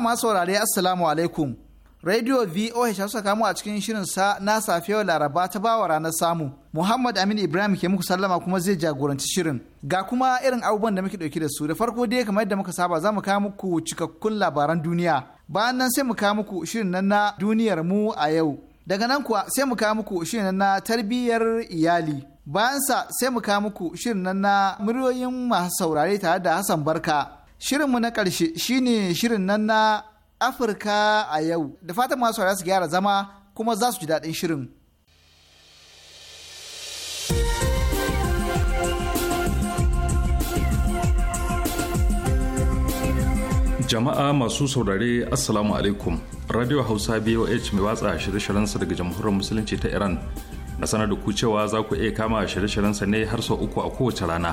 masu saurare Assalamu alaikum. Radio VOH ya saka mu a cikin shirin sa na safiyar Laraba ta bawa ranar samu. Muhammad Aminu Ibrahim ke muku sallama kuma zai jagoranci shirin. Ga kuma irin abubuwan da muke dauke da su da farko dai kamar yadda muka saba za mu kawo muku cikakkun labaran duniya. Bayan nan sai mu kawo muku shirin nan na duniyar mu a yau. Daga nan kuwa sai mu kawo muku shirin nan na tarbiyyar iyali. Bayan sa sai mu kawo muku shirin nan na muryoyin masu saurare tare da Hassan Barka. Shirinmu na ƙarshe shi ne shirin nan na Afirka a yau. Da fatan masu su gyara zama kuma za su ji daɗin shirin. jama'a masu saurare assalamu alaikum radio hausa boh mai watsa shirye-shiryensa daga jamhuriyar musulunci ta iran na sanar da ku cewa za ku iya kama shirye-shiryensa ne har sau uku a kowace rana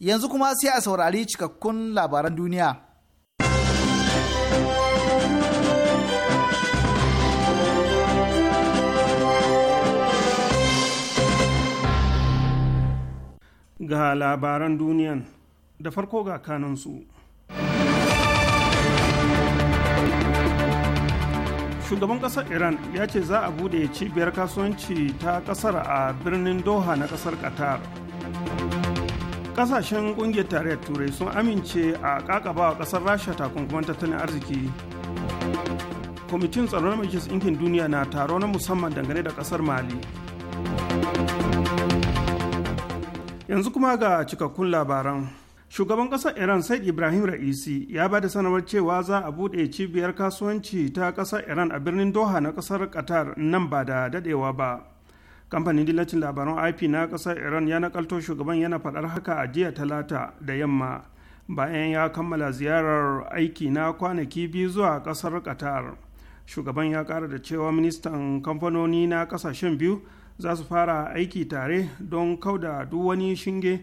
yanzu kuma sai a saurari cikakkun labaran duniya. Ga labaran duniyan da farko ga kanansu. Shugaban ƙasar Iran ya ce za a bude cibiyar kasuwanci ta ƙasar a birnin Doha na ƙasar Qatar. kasashen kungiyar tarayyar turai sun amince a kakaba wa kasar rasha takunkuman tattalin arziki kwamitin tsaron majalisar ɗinkin duniya na taro na musamman dangane da kasar mali yanzu kuma ga cikakkun labaran shugaban ƙasar iran said ibrahim ra'isi ya ba da sanarwar cewa za a buɗe cibiyar kasuwanci ta ƙasar iran a birnin doha na ƙasar qatar nan ba da dadewa ba kamfanin dillacin labaran ip na kasar iran ya nakalto shugaban yana faɗar haka a jiya talata da yamma bayan ya kammala ziyarar aiki na kwanaki biyu zuwa kasar qatar shugaban ya ƙara da cewa ministan kamfanoni na ƙasashen biyu za su fara aiki tare don kauda duk wani shinge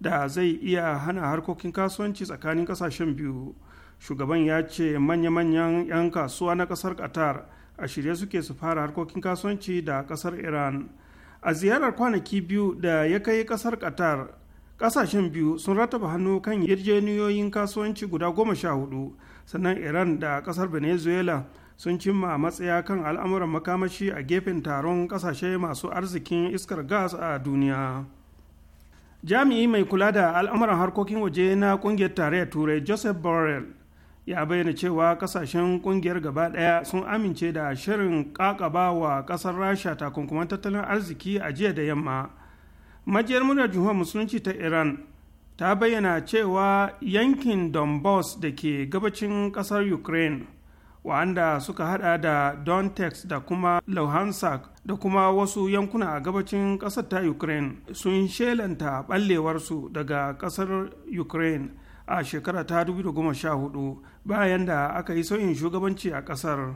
da zai iya hana harkokin kasuwanci tsakanin ƙasashen biyu shugaban ya ce manya-manyan 'yan kasuwa na ƙasar qatar a shirye suke su fara harkokin kasuwanci da ƙasar iran a ziyarar kwanaki biyu da ya kai kasar qatar kasashen biyu sun rataba hannu kan yarjejeniyoyin kasuwanci guda goma sha hudu sannan iran da kasar venezuela sun cimma a matsaya kan al'amuran makamashi a gefen taron kasashe masu arzikin iskar gas a duniya jami'i mai kula da al'amuran harkokin waje na kungiyar tarayyar turai joseph borrell ya bayyana cewa kasashen kungiyar gaba daya sun amince da shirin kakaba wa kasar rasha takunkuman tattalin arziki a jiya da yamma majiyar murya jihar musulunci ta iran ta bayyana cewa yankin donbass da ke gabacin kasar ukraine wa'anda suka hada da dontex da kuma luhansk da kuma wasu yankuna a gabacin kasar ta ukraine sun shelanta ballewarsu daga kasar ukraine a shekara ta 2014 bayan da aka yi sauyin shugabanci a kasar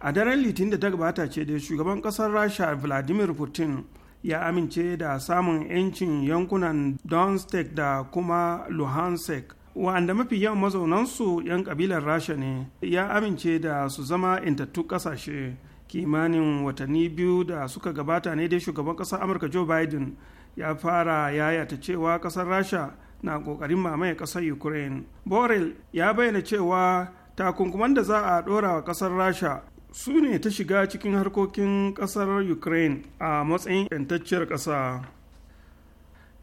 a daren litin da ta gabata ce da shugaban kasar rasha vladimir putin ya amince da samun 'yancin yankunan donetsk da kuma luhansk wa'anda mafi yawan mazaunansu 'yan kabilar rasha ne ya amince da su zama intattu kasashe kimanin watanni biyu da suka gabata ne dai shugaban kasar amurka joe biden ya fara yayata cewa kasar rasha na ƙoƙarin mamaye ƙasar ukraine borel ya bayyana cewa takunkuman da za a ɗora wa ƙasar rasha su ne ta shiga cikin harkokin ƙasar ukraine a matsayin 'yantacciyar ƙasa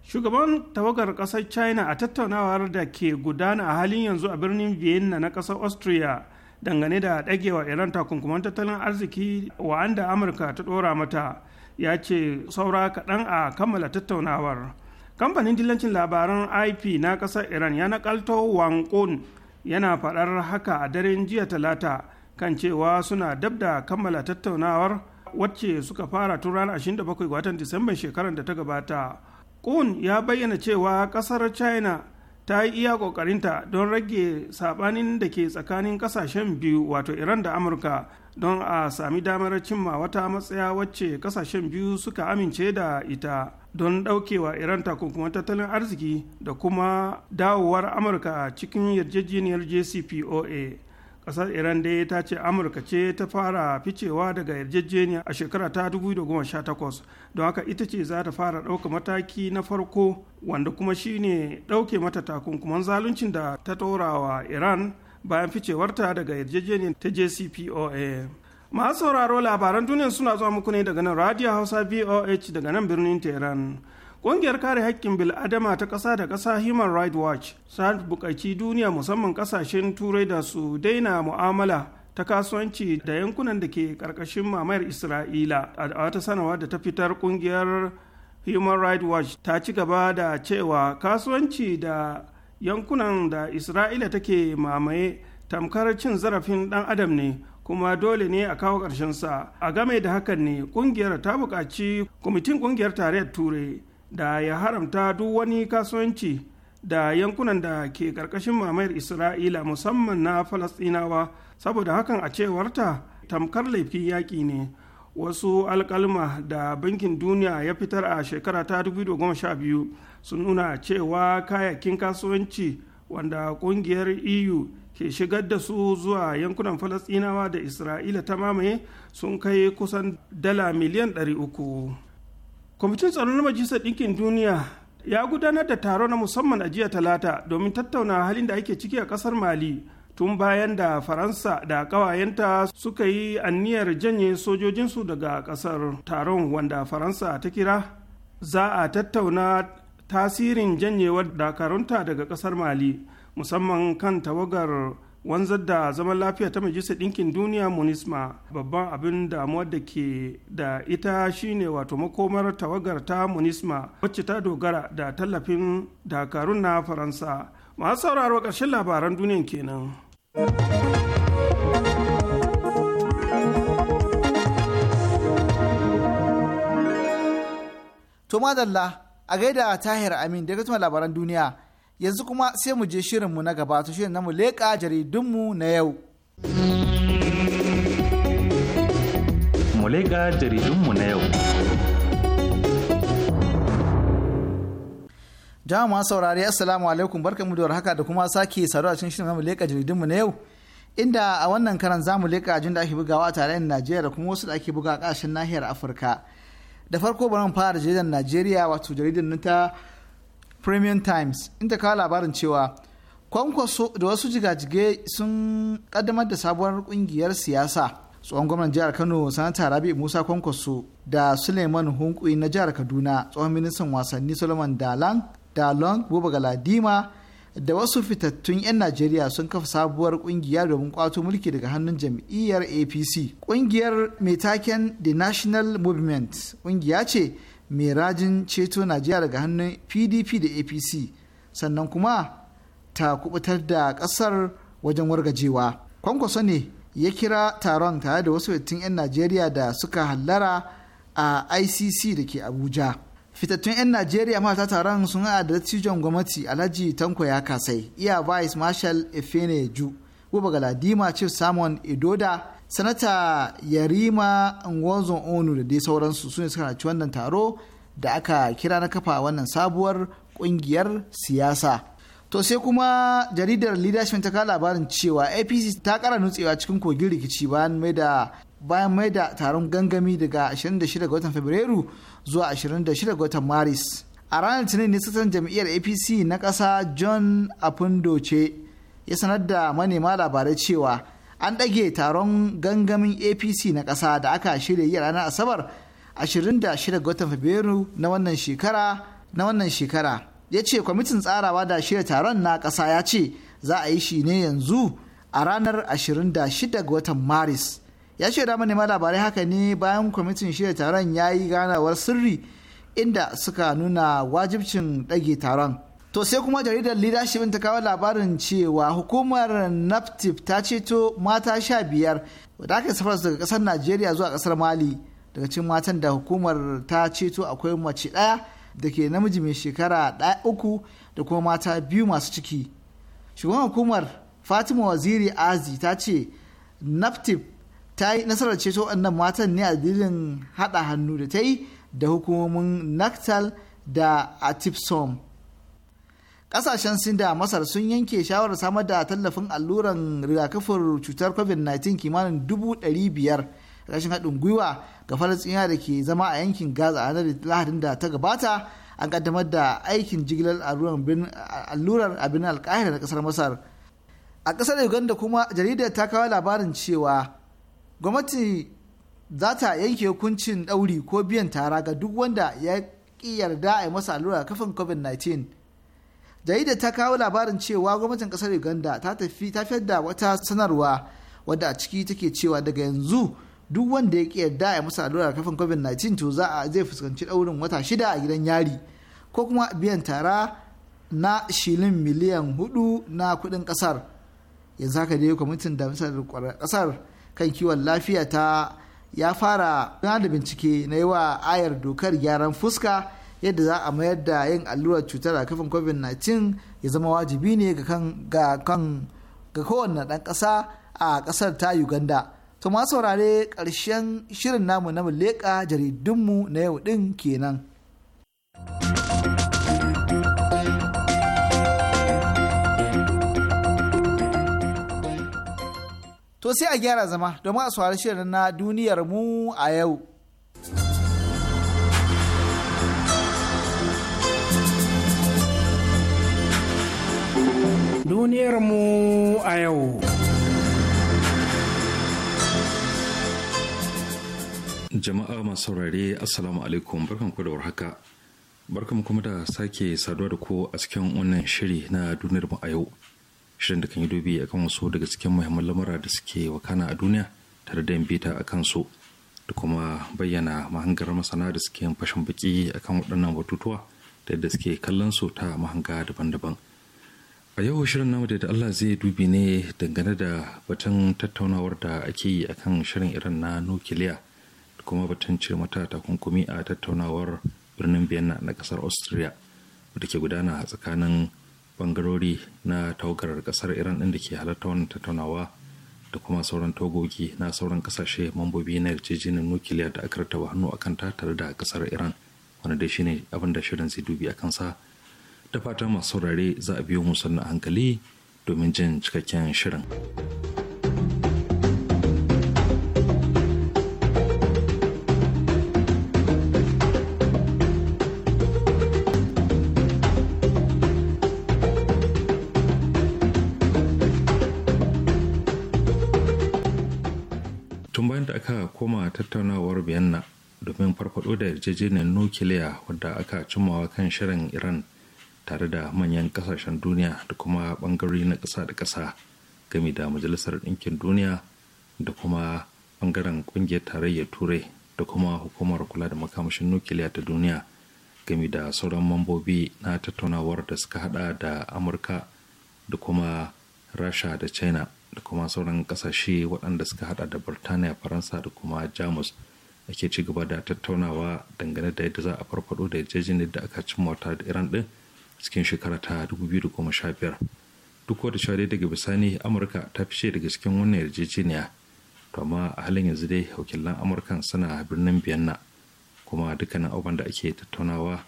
shugaban tawagar ƙasar china a tattaunawar da ke gudana a halin yanzu a birnin vienna na ƙasar austria dangane da ɗagewa iran takunkuman tattalin arziki wa'anda amurka ta ɗora mata ya ce saura kaɗan a kammala tattaunawar kamfanin dillancin labaran ip na ƙasar iran ya nakalto wankun yana faɗar haka a daren jiya talata kan cewa suna dab da kammala tattaunawar wacce suka fara tun ranar 27 watan disamban shekarar da ta gabata kun ya bayyana cewa ƙasar china ta yi iya ƙoƙarinta don rage sabanin da ke tsakanin ƙasashen biyu wato iran da amurka don a sami damar cimma wata matsaya wacce ƙasashen biyu suka amince da ita don daukewa iran takunkuman tattalin arziki da kuma dawowar amurka a cikin yarjejeniyar jcpoa kasar iran dai ta ce amurka ce ta fara ficewa daga yarjejeniya a shekara ta 2018 don haka ita ce za ta fara ɗauka mataki na farko wanda kuma shine ɗauke mata takunkuman zaluncin da ta taurawa iran bayan ficewarta daga yarjejeniyar ta jcpoa masu sauraro labaran duniya suna zuwa muku ne daga nan radio hausa voh daga nan birnin tehran Ƙungiyar kare haƙƙin bil'adama ta ƙasa da ƙasa Human Rights Watch sa buƙaci duniya musamman ƙasashen turai da su daina mu'amala ta kasuwanci da yankunan da ke ƙarƙashin mamayar Isra'ila. A wata sanawa da ta fitar ƙungiyar Human Rights Watch ta ci gaba da cewa kasuwanci da yankunan da Isra'ila take mamaye tamkar cin zarafin ɗan adam ne kuma dole ne a kawo ƙarshen sa a game da hakan ne ƙungiyar ta buƙaci kwamitin ƙungiyar tarayyar turai da ya haramta duk wani kasuwanci da yankunan da ke ƙarƙashin mamayar isra'ila musamman na falasɗinawa saboda hakan a cewarta tamkar laifin yaƙi ne wasu alkalma da bankin duniya ya fitar a shekara ta 2012 sun nuna cewa kayakin kasuwanci wanda ƙungiyar eu ke shigar da su zuwa yankunan falasɗinawa da isra'ila ta mamaye sun kai kusan dala miliyan 300 kwamitin tsaro na majalisar ɗinkin duniya ya gudanar da taro na musamman a jiya talata domin tattauna halin da ake ciki a ƙasar mali tun bayan da faransa da ƙawayenta suka yi anniyar janye sojojinsu daga ƙasar taron wanda faransa ta kira za a tattauna tasirin janyewar dakarunta daga ƙasar mali musamman kan tawagar wanzar da zaman lafiya ta majalisar ɗinkin duniya munisma babban abin damuwar da ke da ita shine wato makomar tawagar ta munisma wacce ta dogara da tallafin dakarun na faransa masu sauraro ƙarshen labaran duniyan kenan to madalla a gaida tahir amin daga labaran duniya yanzu kuma sai mu je shirinmu na gaba to shirin na mu leƙa jaridunmu na yau. jaridunmu na yau. Jama'a saurari Assalamu alaikum mu da warhaka da kuma sake saduwa cikin shirin namu leƙa jaridunmu na yau. Inda a wannan karan zamu leƙa ajin da ake bugawa a tarayyar Najeriya da kuma wasu da ake buga a ƙasashen nahiyar Afirka. Da farko bari mu fara jaridar Najeriya wato jaridar ta premium times inda kawo labarin cewa kwankwaso da wasu jigajige sun kaddamar da sabuwar kungiyar siyasa tsohon gwamnan jihar kano sanata rabi musa kwankwaso da suleiman hunkui na jihar kaduna tsohon ministan wasanni solomon da long buba galadima da wasu fitattun 'yan najeriya sun kafa sabuwar kungiya domin kwato mulki daga hannun jam'iyyar apc kungiyar mai taken the national movement kungiya ce mai rajin ceto najeriya daga hannun pdp da apc sannan kuma ta kubutar da kasar wajen wargajewa kwankwaso ne ya kira taron tare da wasu fitattun 'yan najeriya da suka hallara a icc da ke abuja fitattun 'yan najeriya mata taron sun haɗa da dattijon gwamnati alhaji tanko ya kasai iya vice marshal efene ju buba galadima chief simon edoda sanata yarima ngozon onu da dai sauransu su ne suka raci wannan taro da aka kira na kafa wannan sabuwar kungiyar siyasa to sai kuma jaridar leadership ta kawo labarin cewa apc ta kara nutsewa cikin kogin rikici bayan mai da bayan mai da taron gangami daga 26 ga watan fabrairu zuwa 26 ga watan maris a ranar litinin ne sassan jam'iyyar apc na kasa john apundoce ya sanar da manema labarai cewa an ɗage taron gangamin apc na ƙasa da aka shirya yi ranar asabar 26 ga watan fabrairu na wannan shekara na wannan shekara ya ce kwamitin tsarawa da shirya taron na ƙasa ya ce za a yi shi ne yanzu a ranar 26 ga watan maris ya ce da manema labarai haka ne bayan kwamitin shirya taron ya yi ganawar sirri inda suka nuna wajibcin ɗage taron to sai kuma jaridar leadership ta kawo labarin cewa hukumar naftif ta ceto mata sha biyar da aka safar daga kasar najeriya zuwa kasar mali daga cikin matan da hukumar ta ceto akwai mace ɗaya da ke namiji mai shekara ɗaya uku da kuma mata biyu masu ciki shugaban hukumar fatima waziri azi ta ce naftif ta yi nasarar ceto wannan matan ne a dalilin haɗa hannu da ta yi da hukumomin naktal da atipsom kasashen sin da masar sun yanke shawarar samar da tallafin alluran rigakafin cutar covid-19 kimanin dubu ɗari biyar rashin haɗin gwiwa ga falasɗina da ke zama a yankin gaza a ranar lahadin da ta gabata an kaddamar da aikin jigilar allurar birnin alkahira na kasar masar a kasar uganda kuma jaridar ta kawo labarin cewa gwamnati za ta yanke hukuncin ɗauri ko biyan tara ga duk wanda ya ƙi yarda a yi masa allura kafin covid-19 jarida ta kawo labarin cewa gwamnatin kasar uganda ta tafi ta da wata sanarwa wadda a ciki take cewa daga yanzu duk wanda ya ki yarda ya masa allurar kafin covid-19 to za a zai fuskanci daurin wata shida a gidan yari ko kuma biyan tara na shilin miliyan hudu na kudin kasar yanzu haka dai kwamitin da misar kasar kan kiwon lafiya ta ya fara da bincike na yi wa ayar dokar gyaran fuska yadda za a mayar da yin allurar cutar a kafin covid-19 ya zama wajibi ne ga kan ga kowane ɗan ƙasa a ƙasar ta uganda to ma saurare ƙarshen shirin namu na leƙa jaridunmu na yau din kenan. To sai a gyara zama domin a saurari shirin na duniyar mu a yau. duniyarmu a yau. Jama'a masu saurare Assalamu alaikum barkanku da warhaka. Barkanku kuma da sake saduwa da ku a cikin wannan shiri na duniyarmu a yau. Shirin da kan yi dubi akan wasu daga cikin muhimman lamura da suke wakana a duniya tare da bita a kansu da kuma bayyana mahangar masana da suke fashin baki akan waɗannan batutuwa da yadda suke kallon su ta mahanga daban-daban. a yau shirin namu da Allah zai dubi ne dangane da batun tattaunawar da ake yi akan shirin iran na nukiliya da kuma batun cire mata takunkumi a tattaunawar birnin biyana na kasar austria wadda ke gudana a tsakanin bangarori na tawagar kasar iran inda da ke halarta wannan tattaunawa da kuma sauran togogi na sauran kasashe mambobi na yarjejeniyar nukiliya da aka rataba hannu akan ta tare da kasar iran wanda dai shine abin da shirin zai dubi a kansa da fata masu saurare za a biyo musu na hankali domin jin cikakken shirin. koma tattaunawar biyanna domin farfado da yarjejeniyar nukiliya wadda aka cimawa kan shirin iran tare da manyan kasashen duniya da kuma bangarori na ƙasa da ƙasa game da majalisar ɗinkin duniya da kuma bangaren ƙungiyar tarayyar turai da kuma hukumar kula da makamashin nukiliya ta duniya game da sauran mambobi na tattaunawar da suka hada da amurka da kuma rasha da china da kuma sauran kasashe waɗanda suka hada da birtaniya faransa da kuma jamus ake ci gaba da tattaunawa dangane da yadda za a farfado da yarjejeniyar da aka cimma da iran din cikin shekara ta 2015 duk wata cewa daga bisani amurka ta fice daga cikin wannan yarjejeniya to amma a halin yanzu dai wakilan amurkan suna birnin biyanna kuma dukkanin abin da ake tattaunawa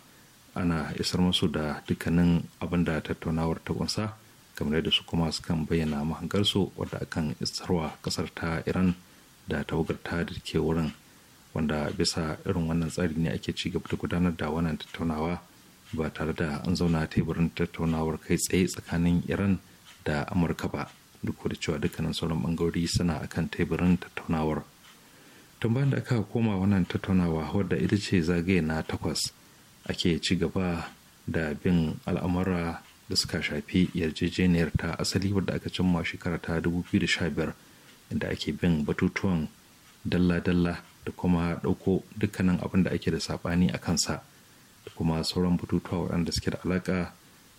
ana isar masu da dukkanin abin da tattaunawar ta kunsa kamar yadda su kuma sukan bayyana mahangarsu wadda akan isarwa kasar ta iran da tawagarta da ke wurin wanda bisa irin wannan tsari ne ake ci gaba da gudanar da wannan tattaunawa ba tare da an zauna teburin tattaunawar kai tsaye tsakanin iran da amurka ba duk da cewa dukkanin sauran bangarori suna akan teburin tattaunawar tun bayan da aka koma wannan tattaunawa wadda ita ce zagaye na takwas ake ci gaba da bin al'amura da suka shafi yarjejeniyar ta asali wadda aka cimma shekara ta 2015 inda ake bin batutuwan dalla-dalla da kuma dauko dukkanin abin da ake da saɓani a kansa kuma sauran bututuwa waɗanda suke da alaƙa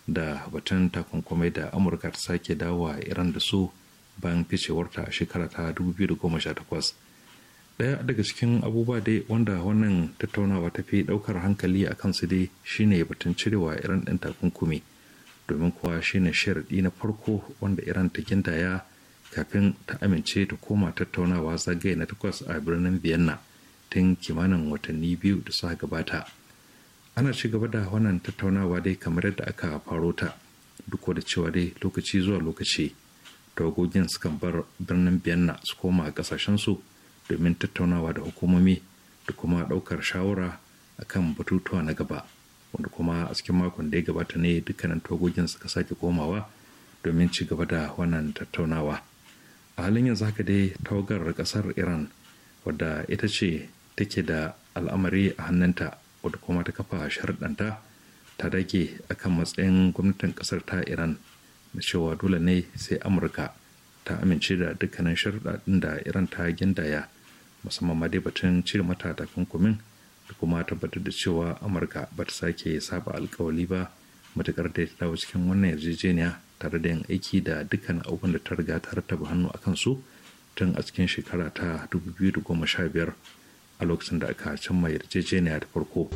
da batun takunkumai da amurka ta sake dawa iran da su bayan ficewarta a shekara ta 2018 ɗaya daga cikin abubuwa dai wanda wannan tattaunawa ta fi ɗaukar hankali a kansu dai shine batun cirewa iran ɗin takunkumi domin kuwa shine sharaɗi na farko wanda iran ta gindaya kafin ta amince ta koma tattaunawa zagaye na takwas a birnin vienna tun kimanin watanni biyu da suka gabata ana ci gaba da wannan tattaunawa dai kamar yadda aka faro ta duk da cewa dai lokaci zuwa lokaci tawagogin sukan bar birnin biyanna su koma kasashen su domin tattaunawa da hukumomi da kuma ɗaukar shawara akan batutuwa na gaba wanda kuma a cikin makon da ya gabata ne dukkanin tawagogin suka sake komawa domin ci gaba da wannan tattaunawa a halin yanzu haka dai tawagar ƙasar iran wadda ita ce take da al'amari a hannunta wadda kuma ta kafa sharɗanta ta dage kan matsayin gwamnatin ƙasar ta iran da cewa dole ne sai amurka ta amince da dukkanin sharɗaɗin da iran ta gindaya musamman ma dai batun cire mata takunkumin da kuma tabbatar da cewa amurka ba ta sake saba alkawali ba matukar da ta dawo cikin wannan yarjejeniya tare da yin aiki da dukkan abubuwan da ta riga ta rattaba hannu a kansu tun a cikin shekara ta 2015 a lokacin da aka cimma yarjejeniya da farko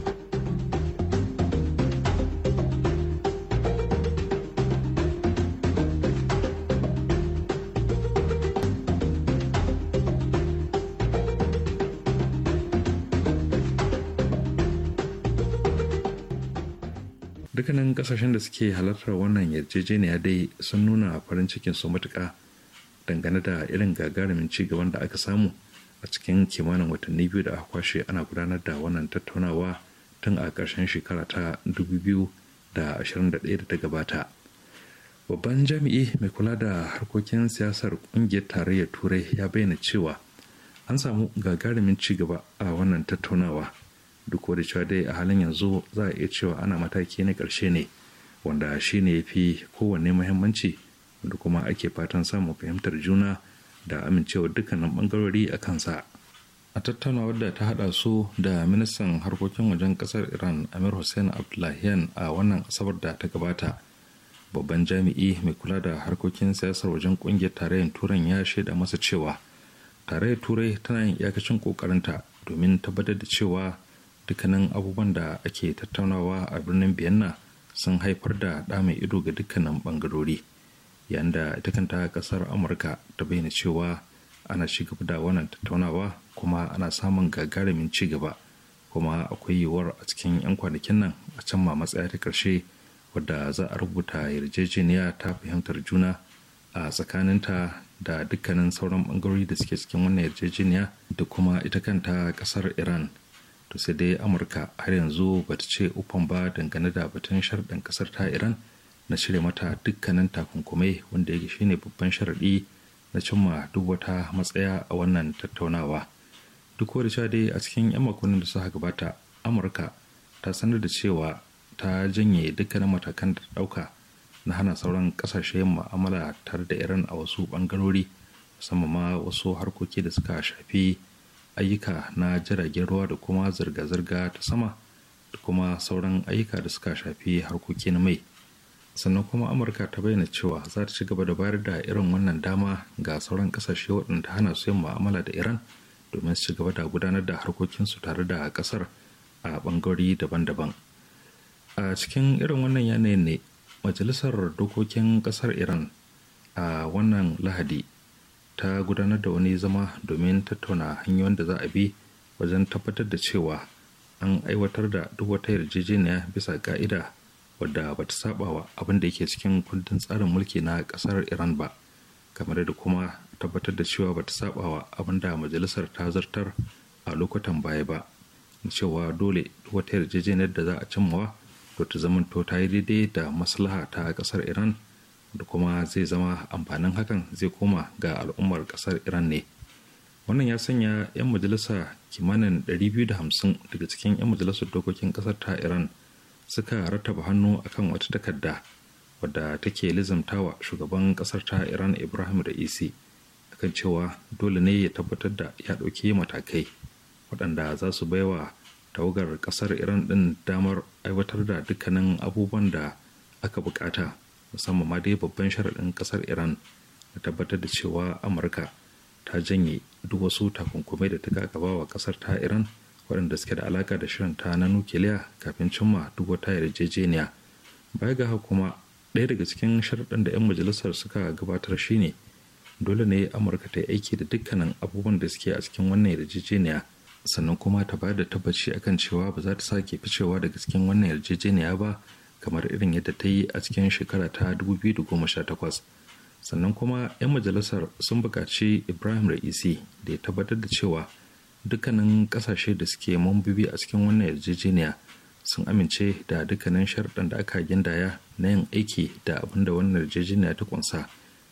dukkanin kasashen da suke halartar wannan yarjejeniya dai sun nuna farin cikin su matuka dangane da irin gagarumin ci gaban da aka samu a cikin kimanin watanni biyu da aka kwashe ana gudanar da wannan tattaunawa tun a ƙarshen shekara ta 2021 da ta gabata babban jami'i mai kula da harkokin siyasar ƙungiyar tarayyar turai ya bayyana cewa an samu gagarumin ci gaba a wannan tattaunawa duk da cewa dai a halin yanzu za a iya cewa ana mataki na ƙarshe ne wanda shine ya fi kowanne muhimmanci wanda kuma ake fatan samun fahimtar juna da amincewar dukkanin bangarori a kansa a tattaunawar da ta hada su da ministan harkokin wajen kasar iran amir hussein abdullahian a wannan asabar da ta gabata babban jami'i mai kula da harkokin siyasar wajen kungiyar tarayyar turan ya shaida masa cewa tarayyar turai tana yin iyakacin kokarinta domin tabbatar da cewa dukkanin abubuwan da ake tattaunawa a birnin vienna sun haifar da ɗa ido ga dukkanin bangarori. yayin da ita kanta kasar amurka ta bayyana cewa ana ci gaba da wannan tattaunawa kuma ana samun gagarumin ci gaba kuma akwai yiwuwar a cikin 'yan kwanakin nan a can ma matsaya ta karshe wadda za a rubuta yarjejeniya ta fahimtar juna a tsakaninta da dukkanin sauran bangarori da suke cikin wannan yarjejeniya da kuma ita kanta kasar iran to sai dai amurka har yanzu bata ce ufan ba dangane da batun sharɗin kasar ta iran na cire mata dukkanin takunkumai wanda yake shine babban sharaɗi na cimma duk wata matsaya a wannan tattaunawa duk wani cewa dai a cikin 'yan makonnin da suka gabata amurka ta sanar da cewa ta janye dukkanin matakan da ɗauka na hana sauran ƙasashe ma'amala tare da iran a wasu bangarori musamman ma wasu harkoki da suka shafi ayyuka na jiragen ruwa da kuma zirga-zirga ta sama da kuma sauran ayyuka da suka shafi harkoki na mai sannan kuma amurka ta bayyana cewa za ta ci gaba da bayar da irin wannan dama ga sauran kasashe waɗanda hana su yin mu'amala da iran domin su ci gaba da gudanar da harkokinsu tare da ƙasar a ɓangarori daban-daban a cikin irin wannan yanayin ne majalisar dokokin ƙasar iran a wannan lahadi ta gudanar da wani zama domin tattauna hanyoyin da za a bi wajen tabbatar da cewa an aiwatar da duk wata yarjejeniya bisa ka'ida wadda ba ta saba wa abin da yake cikin kundin tsarin mulki na kasar iran ba kamar da kuma tabbatar da cewa ba ta saba wa abin majalisar ta zartar a lokutan baya ba cewa dole wata yarjejeniyar da za a cimmawa to ta zamanto ta yi daidai da maslaha ta kasar iran da kuma zai zama amfanin hakan zai koma ga al'ummar kasar iran ne wannan ya sanya 'yan majalisa kimanin 250 daga cikin 'yan majalisar dokokin kasar ta iran suka rattaba hannu akan wata takarda wadda take lizamtawa shugaban kasar ta iran ibrahim da isi akan cewa dole ne ya tabbatar da ya ɗauki matakai waɗanda za su baiwa tawagar kasar iran ɗin damar aiwatar da dukkanin abubuwan da aka bukata musamman ma dai babban sharaɗin kasar iran da tabbatar da cewa amurka ta janye duk wasu takunkumai da ta gaba wa kasar ta iran waɗanda suke da alaka da shirin ta na nukiliya kafin cimma duk wata yarjejeniya baya ga haka kuma ɗaya daga cikin sharaɗin da 'yan majalisar suka gabatar shine dole ne amurka ta yi aiki da dukkanin abubuwan da suke a cikin wannan yarjejeniya sannan kuma ta bayar da tabbaci akan cewa ba za ta sake ficewa daga cikin wannan yarjejeniya ba kamar irin yadda ta yi a cikin shekara ta 2018 sannan kuma 'yan majalisar sun buƙaci ibrahim ra'isi da ya tabbatar da cewa dukkanin kasashe da suke mambobi a cikin wannan yarjejeniya sun amince da dukkanin sharɗan da aka gindaya na yin aiki da abin da wannan yarjejeniya ta kunsa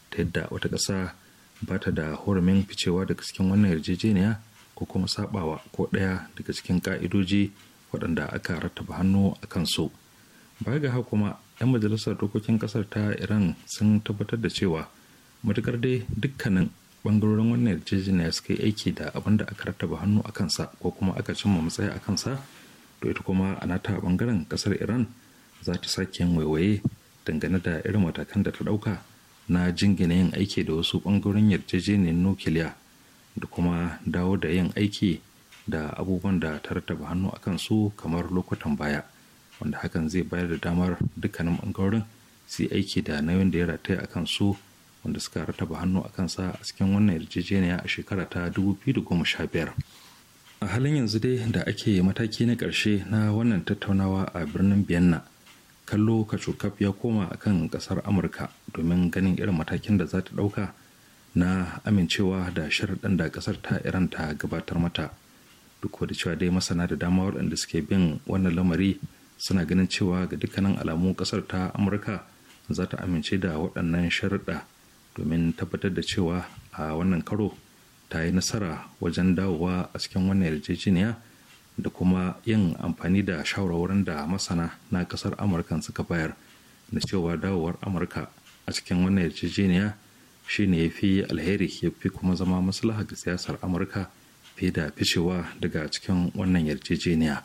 ta yadda wata ƙasa ba ta da hurumin ficewa daga cikin wannan yarjejeniya ko kuma sabawa ko ɗaya daga cikin ka'idoji waɗanda aka rattaba hannu a kansu baya ga haka kuma 'yan majalisar dokokin ƙasar ta iran sun tabbatar da cewa matukar dai dukkanin bangarorin wannan yarjejeniya suka yi aiki da abin da aka rattaba hannu a kansa ko kuma aka cimma matsaya a kansa to ita kuma a nata bangaren kasar iran za ta sake yin waiwaye dangane da irin matakan da ta dauka na jingina yin aiki da wasu bangarorin yarjejeniyar nukiliya da kuma dawo da yin aiki da abubuwan da ta rattaba hannu a kansu kamar lokutan baya wanda hakan zai bayar da damar dukkanin bangarorin su yi aiki da nauyin da ya rataya a kansu wanda suka rataba hannu a kansa a cikin wannan yarjejeniya a shekara ta 2015 a halin yanzu dai da ake mataki na ƙarshe na wannan tattaunawa a birnin vienna kallo kachukap ya koma a kan ƙasar amurka domin ganin irin matakin da za ta ɗauka na amincewa da sharaɗin da ƙasar ta iran ta gabatar mata duk da cewa dai masana da dama waɗanda suke bin wannan lamari suna ganin cewa ga dukkanin alamu ƙasar ta amurka za ta amince da waɗannan sharaɗa domin tabbatar da cewa a wannan karo ta yi nasara wajen dawowa a cikin wannan yarjejeniya da kuma yin amfani da shawarwarin da masana na kasar amurka suka bayar da cewa dawowar amurka a cikin wannan yarjejeniya shine ya fi alheri ya fi kuma zama maslaha ga siyasar amurka fiye da ficewa daga cikin wannan yarjejeniya.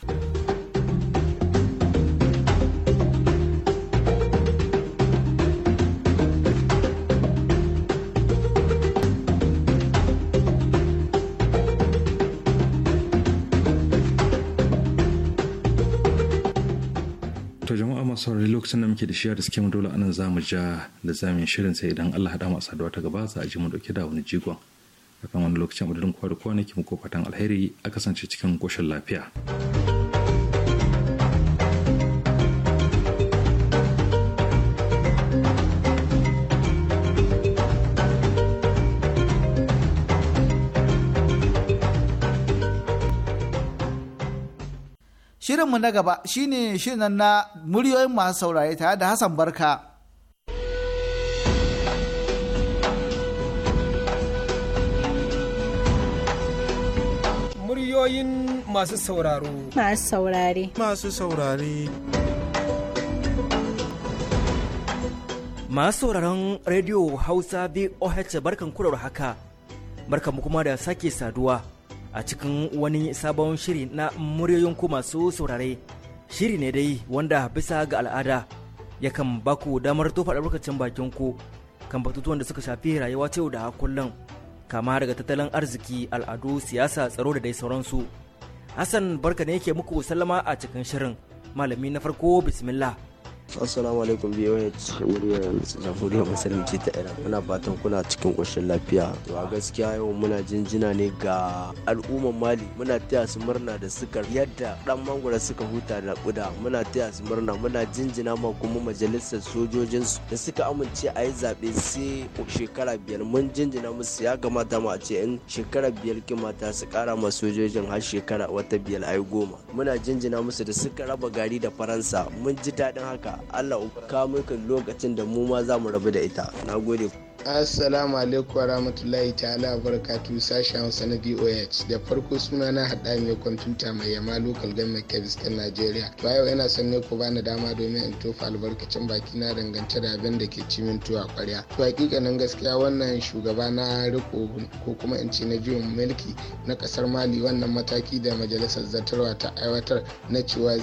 muke da shi da suke mu dole anan za mu ja da zamin shirin sai idan Allah haɗa masu saduwa ta gaba za a ji mu dauke da wani jigon kan wani lokacin adadin kwa da kwanaki mu ko fatan alheri a kasance cikin koshin lafiya. mu na gaba shine shirin na muryoyin masu saurare tare da Hassan Barka. Muryoyin masu sauraro. Masu saurare. Masu saurare. Masu sauraron Radio Hausa VOH barkan kurar haka, barkan kuma da sake saduwa. a cikin wani sabon shiri na muryoyin ku masu saurare shiri ne dai wanda bisa ga al'ada yakan baku damar tofa albarkacin bakin ku kan batutuwan da suka shafi rayuwa ta da kullum kama daga tattalin arziki al'adu siyasa tsaro da dai sauransu hassan barka ne yake muku sallama a cikin shirin malami na farko bismillah assalamu alaikum ce muryar jamhuriyar musulunci ta iran muna fatan kuna cikin ƙoshin lafiya to a gaskiya yau muna jinjina ne ga al'umman mali muna taya su murna da suka yadda dan mangwara suka huta da kuda muna taya su murna muna jinjina ma kuma majalisar sojojin su da suka amince a yi zaɓe sai shekara biyar mun jinjina musu ya kamata mu a ce in shekara biyar kimata su kara ma sojojin har shekara wata biyar ai goma muna jinjina musu da suka raba gari da faransa mun ji daɗin haka Allah kamuka lokacin da mu ma za mu rabu da ita na gode Assalamu alaikum wa rahmatullahi ta'ala barakatu sashen Hausa na BOH. Da farko suna na haɗa mai kwamfuta mai yama local government kebis ta Najeriya. Bayo yana son ne ku bani dama domin in tofa albarkacin baki na dangance da abin da ke cimin tuwa kwarya. To hakikanin gaskiya wannan shugaba na riko ko kuma in ce na biyun mulki na kasar Mali wannan mataki da majalisar zartarwa ta aiwatar na cewa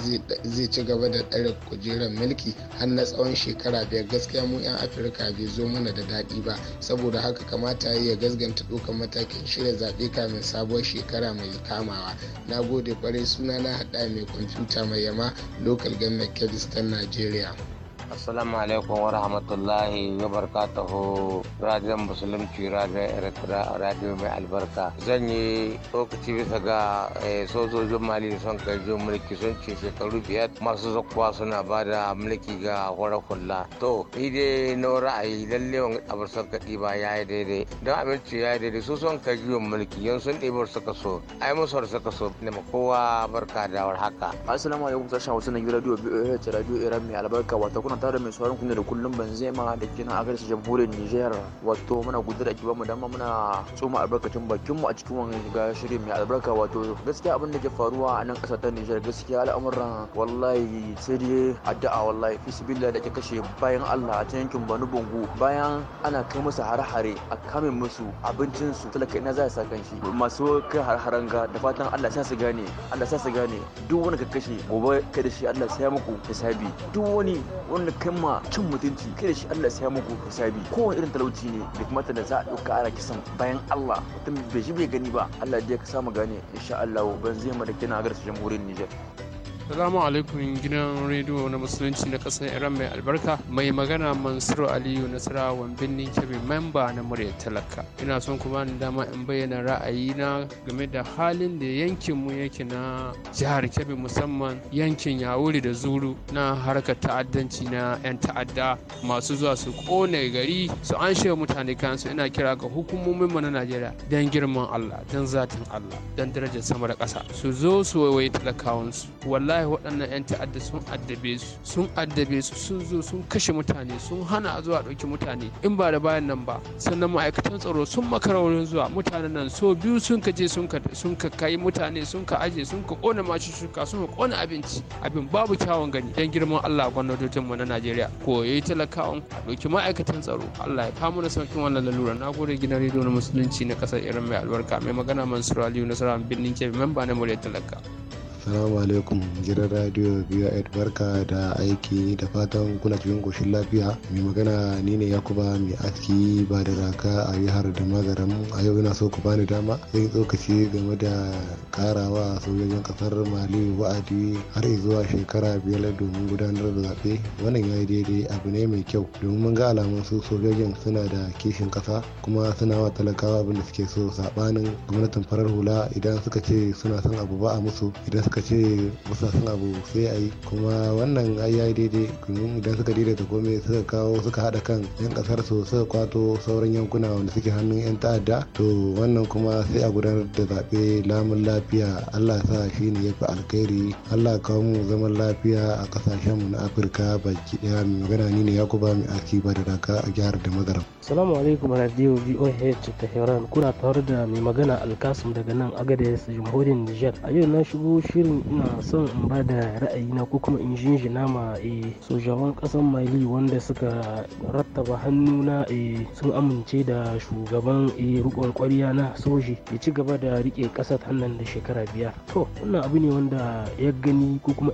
zai ci gaba da tsare kujerar mulki har na tsawon shekara biyar gaskiya mu 'yan Afirka bai zo mana da daɗi ba. ba saboda haka kamata ya gasganta ɗaukar matakin shirya zaɓe kamin sabuwar shekara mai kamawa na gode kwarai suna na haɗa mai kwamfuta mai yama local government kebis ta nigeria assalamu alaikum wa rahmatullahi wa barakatuhu radiyon musulunci radiyon eritrea radiyo mai albarka zan yi lokaci bisa ga eh, sojojin mali da son karjo mulki sun ce shekaru biyar masu zakuwa suna ba da mulki ga wara kulla to ni dai na ra'ayi lalle wani abar son kaɗi ba ya yi daidai don abinci ya yi daidai su sun karjo mulki yan sun ɗibar suka so ai musu suka so ne ma kowa barka da war haka assalamu alaikum sashen wasu na yi radio bh radio iran mai albarka wata kuna manta da mai sauran kunne da kullum Benzema da ke nan a garsa jamhuriyar Nijar wato muna gudu da kibar mu dan muna tsoma albarkacin bakin mu a cikin wannan ga shirin mai albarka wato gaskiya abin da ke faruwa a nan kasar ta Nijar gaskiya al'amuran wallahi sai dai addu'a wallahi bismillah da ke kashe bayan Allah a cikin yankin Banu Bongo bayan ana kai musu har hare a kame musu abincin su talaka ina za a sa kanshi masu kai har-haren ga da fatan Allah sa su gane Allah sa su gane duk wani ka kashe gobe kai da shi Allah sai muku hisabi duk wani wanda kai ma cin mutunci kai da shi Allah sai muku hisabi kowane irin talauci ne da kuma da za a ɗauka ana kisan bayan Allah mutum bai shi bai gani ba Allah dai ka samu gane insha Allah ban zai mu da kina garsa jamhuriyar Niger Salamu alaikum gidan rediyo na musulunci na ƙasar Iran mai albarka mai magana Mansur Aliyu Nasara Birnin Kebe memba na murya talaka. Ina son kuma ni dama in bayyana ra'ayina game da halin da yankin mu yake na jihar Kebbi musamman yankin Yawuri da Zuru na harkar ta'addanci na 'yan ta'adda masu zuwa su kone gari su an mutane kansu ina kira ga hukumomin mu na Najeriya don girman Allah don zatin Allah don darajar sama da ƙasa su zo su waiwaye talakawansu wallahi wallahi waɗannan 'yan ta'adda sun addabe su sun addabe su sun zo sun kashe mutane sun hana zuwa ɗauki mutane in ba da bayan nan ba sannan ma'aikatan tsaro sun makara wurin zuwa mutanen nan so biyu sun ka je sun ka kai mutane sun ka aje sun ka ƙona mashi shuka sun ka ƙona abinci abin babu kyawun gani dan girman Allah gwamnatocin mu na Najeriya ko yayi talakawan a ɗauki ma'aikatan tsaro Allah ya kama na sauƙin wannan lalura na gode gidan rediyo na musulunci na ƙasar Iran mai albarka mai magana Mansur Aliyu Nasara birnin Kebbi memba na Murya Talaka. Salamu alaikum gidan radio biyu a barka da aiki da fatan kuna cikin koshin lafiya. Mai magana ni ne Yakuba mai aski ba da raka a yihar da magaram a yau ina so ku bani dama zai tsokaci game da karawa sojojin kasar Mali wa'adi har zuwa shekara biyar domin gudanar da zaɓe wannan ya yi daidai abu ne mai kyau domin mun ga alamun su sojojin suna da kishin ƙasa kuma suna wa talakawa abin da suke so saɓanin gwamnatin farar hula idan suka ce suna son abu ba a musu idan suka suka ce musa san abu sai a yi kuma wannan ai yayi daidai domin idan suka ta komai suka kawo suka haɗa kan yan kasar su suka kwato sauran yankuna wanda suke hannun yan ta'adda to wannan kuma sai a gudanar da zaɓe lamun lafiya allah sa shi ne ya fi alkhairi allah kawo mu zaman lafiya a ƙasashenmu na afirka baki ɗaya mai magana ni ne yakuba mai aski ba da raka a jihar da madaram. salamu alaikum radio voh ta hiran kuna tare da mai magana alkasum daga nan agadez jamhuriyar nijar a yau na shigo shi irin ina son in ba da ra'ayina ko kuma in jinjina ma eh, sojawan ƙasar mali wanda suka rattaba hannu na eh, sun amince da shugaban eh, rikon kwarya na soji ya ci gaba da rike ƙasar hannun da shekara biyar to wannan abu ne wanda ya gani ko kuma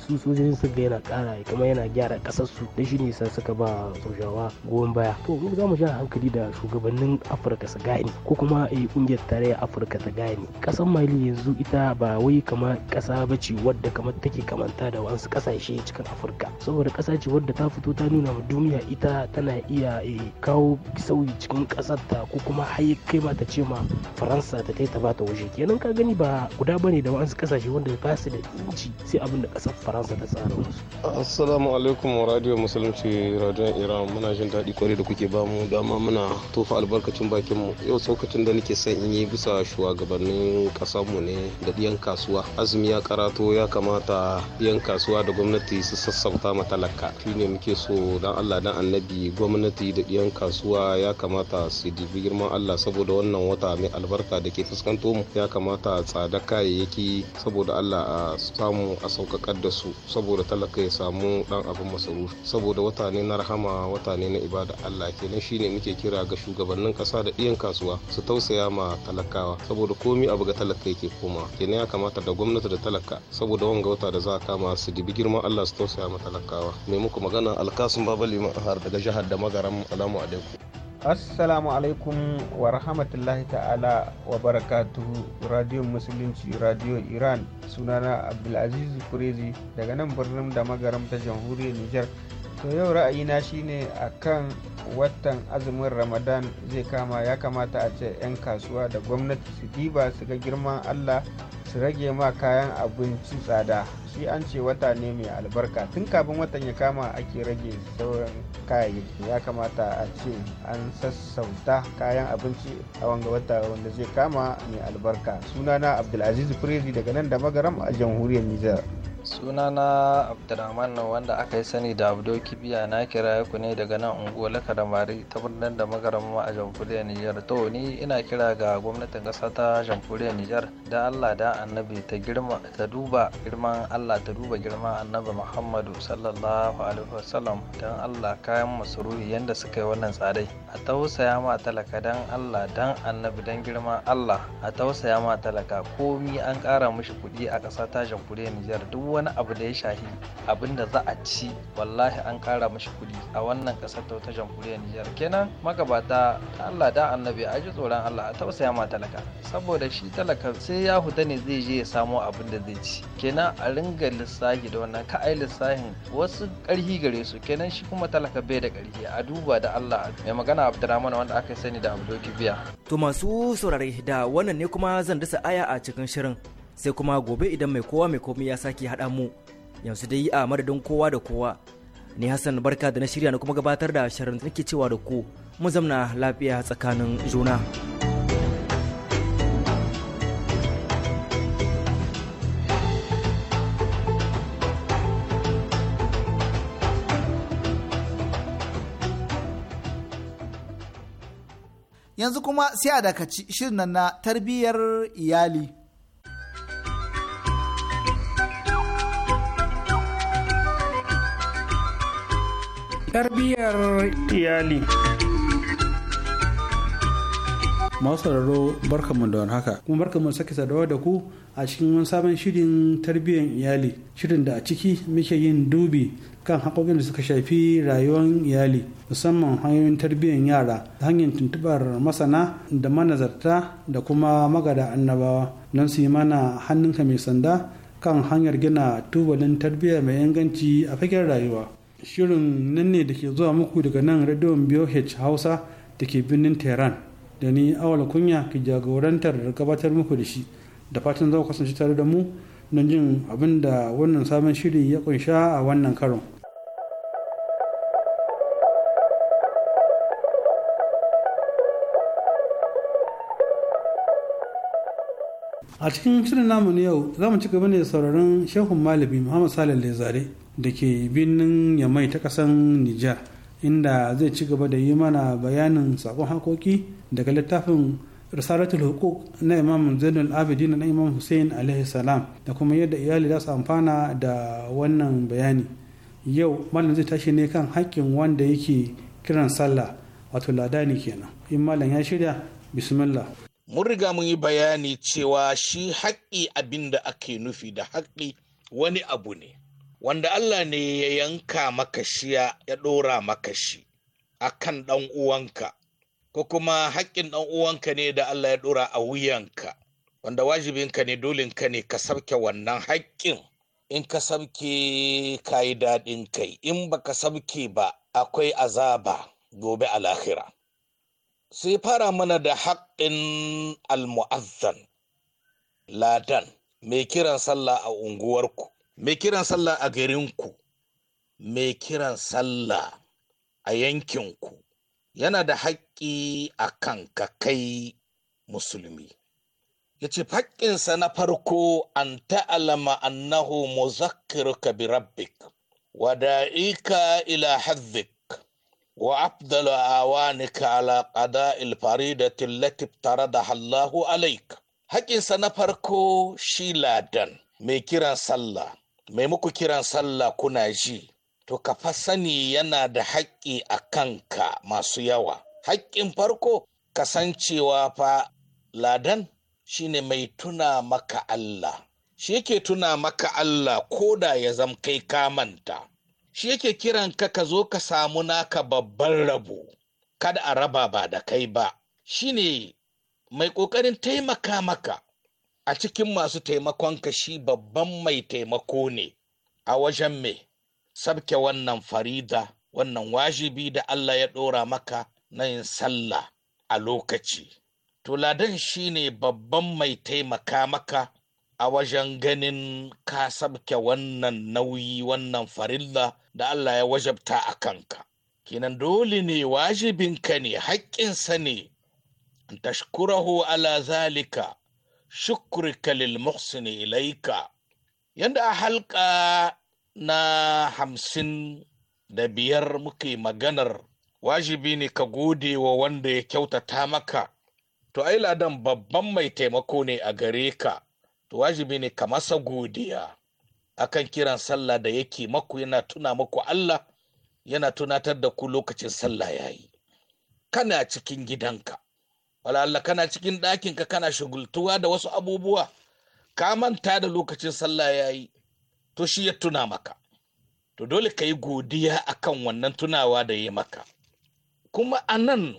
su sojojin su ga yana kara kuma yana gyara ƙasar su da shi ne sa suka ba sojawa goyon baya to mu za mu sha hankali da shugabannin afirka su gane ko kuma kungiyar tarayyar afirka ta gane ƙasar mali yanzu ita ba wai kama kasa ba ce wadda kamar take kamanta da wasu kasashe cikin afirka saboda kasa ce wadda ta fito ta nuna ma duniya ita tana iya eh, kawo sauyi cikin ƙasar ta ko kuma har kai ma ta ce ma faransa ta kai ta bata waje kenan ka gani ba guda bane da wasu kasashe wanda ba su da inci sai abin da ƙasar faransa ta tsara musu assalamu alaikum radio musulunci radio iran muna jin daɗi kwarai da kuke ba mu dama muna tofa albarkacin bakin mu yau saukacin da nake son in yi bisa shugabannin kasar mu ne da ɗiyan kasuwa azumi azumi ya karato ya kamata yan kasuwa da gwamnati su sassauta ma talaka shine muke so dan Allah dan annabi gwamnati da yan kasuwa ya kamata su dibi girman Allah saboda wannan wata mai albarka da ke fuskanto mu ya kamata tsada kayayyaki saboda Allah a samu a saukakar da su saboda talaka ya samu dan abin masarufi saboda wata ne na rahama wata ne na ibada Allah kenan shine muke kira ga shugabannin kasa da iyan kasuwa su tausaya ma talakawa saboda komi abu ga talaka yake koma kenan ya kamata da gwamnati gwamnati da talaka saboda wanga wata da za a kama su dibi girman Allah su tausaya ma talakawa mai muku magana alkasun babali har daga jihar da magaram alamu alaikum assalamu alaikum wa rahmatullahi ta'ala wa barakatu radio musulunci radio iran sunana abdulaziz kurezi daga nan birnin da magaram ta jamhuriyar nijar to yau ra'ayina shine akan watan azumin ramadan zai kama ya kamata a ce 'yan kasuwa da gwamnati su diba su ga girman allah su rage ma kayan abinci tsada shi an ce wata ne mai albarka tun kafin watan ya kama ake rage sauran kayayyaki ya kamata a ce an sassauta kayan abinci a wanga wata wanda zai kama mai albarka sunana abdulaziz firezi daga nan da magaram a jamhuriyar nijar sunana abdulrahman wanda aka yi sani da abdo kibiya na kira ku ne daga nan unguwar mari ta birnin da magarama a jamhuriyar nijar to ni ina kira ga gwamnatin ƙasa ta jamhuriyar nijar da allah da annabi ta girma ta duba girman allah ta duba girman annabi muhammadu sallallahu alaihi wasallam don allah kayan masarufi yadda suka yi wannan tsadai a tausaya ma talaka dan allah don annabi don girman allah a tausaya ma talaka komi an ƙara mishi kuɗi a ƙasa ta jamhuriyar nijar duk wani abu da ya shahi abin da za a ci wallahi an kara mashi kuɗi a wannan ƙasar ta wata jamhuriyar Nijar kenan magabata ta Allah da annabi a ji tsoron Allah a tausaya ma talaka saboda shi talaka sai ya huta ne zai je ya samo abin da zai ci kenan a ringa lissafi da wannan ka ai lissafin wasu ƙarhi gare su kenan shi kuma talaka bai da ƙarhi a duba da Allah mai magana Abdurrahman wanda aka sani da Abdulkibiya to masu saurare da wannan ne kuma zan dasa aya a cikin shirin sai kuma gobe idan mai kowa mai komai ya sake haɗa mu yanzu dai a madadin kowa da kowa ni hassan barka da na shirya na kuma gabatar da shirin nake cewa da ku mu zamna lafiya tsakanin juna yanzu kuma sai a dakaci shirin na tarbiyyar iyali tarbiyyar iyali masu sauraro barkanmu da wani haka kuma barkanmu sake sadawa da ku a cikin wani sabon shirin tarbiyyar iyali shirin da a ciki muke yin dubi kan haƙoƙin da suka shafi rayuwar iyali musamman hanyoyin tarbiyyar yara ta hanyar tuntubar masana da manazarta da kuma magada annabawa don su yi mana hannunka mai sanda kan hanyar gina tubalin tarbiyya mai inganci a fagen rayuwa shirin nan ne da ke zuwa muku daga nan radiyon h Hausa da ke birnin Tehran da ni awal kunya ke jagorantar da gabatar muku da shi da fatan zaku kasance tare da mu don jin abin da wannan sabon shiri ya kunsha a wannan karon. a cikin shirin namu na yau za mu ci gaba ne da sauraron shehun malami muhammad salih lezare da ke birnin yamai ta kasan Nijar inda zai ci gaba da yi mana bayanin sakon hakoki daga littafin risalatul hukuk na imam zainul abidin na imam hussein alaihi salam da kuma yadda iyali za su amfana da wannan bayani yau malam zai tashi ne kan haƙƙin wanda yake kiran sallah wato ladani kenan in malam ya shirya bismillah mun riga mun yi bayani cewa shi haƙƙi abin da ake nufi da haƙƙi wani abu ne wanda Allah ne ya yanka maka shiya ya ɗora maka shi a kan ɗan'uwanka, ko kuma haƙƙin ɗan'uwanka ne da Allah ya ɗora a wuyanka wanda wajibinka ne dolinka ne ka sauke wannan haƙƙin in ka sauke ka yi daɗin kai in ba ka sauke ba akwai azaba gobe a lahira sai fara mana da haƙƙin almu'azzan ladan mai kiran sallah a unguwarku mai kiran sallah a garinku mai kiran sallah a yankinku yana da haƙƙi a kan ka kai musulmi ya ce haƙƙinsa na farko an ta'alama annahu ka bi rabbik "Wa da'ika ila hadzik وأفضل أعوانك tare da hallahu التي haƙƙinsa na farko shi ladan Mai kiran sallah. mai muku kiran sallah kuna ji to ka fa sani yana da haƙƙi a kanka masu yawa haƙƙin farko kasancewa fa ladan shine mai tuna maka Allah shi yake tuna maka Allah ko da ya zam kai ka manta shi yake kiran ka ka zo ka samu naka babban rabo kada a raba ba da kai ba shine mai ƙoƙarin taimaka maka a cikin masu taimakonka shi babban mai taimako ne a wajen me sabke wannan farida wannan wajibi da Allah ya ɗora maka na yin sallah a lokaci. Tuladan shi ne babban mai taimaka maka a wajen ganin ka sabke wannan nauyi wannan farilla da Allah ya wajabta a kanka. Kinan dole ne wajibinka ne haƙƙinsa ne, tashkurahu ala zalika shukrika lil muhsini ilaika yanda a halka na hamsin da biyar muke maganar wajibi ne ka gode wa wanda ya kyautata maka to ai ladan babban mai taimako ne a gare ka to wajibi ne ka masa godiya akan kiran sallah da yake maku yana tuna maku Allah yana tunatar da ku lokacin sallah yayi kana cikin gidanka wala Allah kana cikin ɗakin ka kana shagultuwa da wasu abubuwa ka manta da lokacin sallah ya yi. to shi ya tuna maka to dole ka yi godiya akan wannan tunawa da ya maka kuma a nan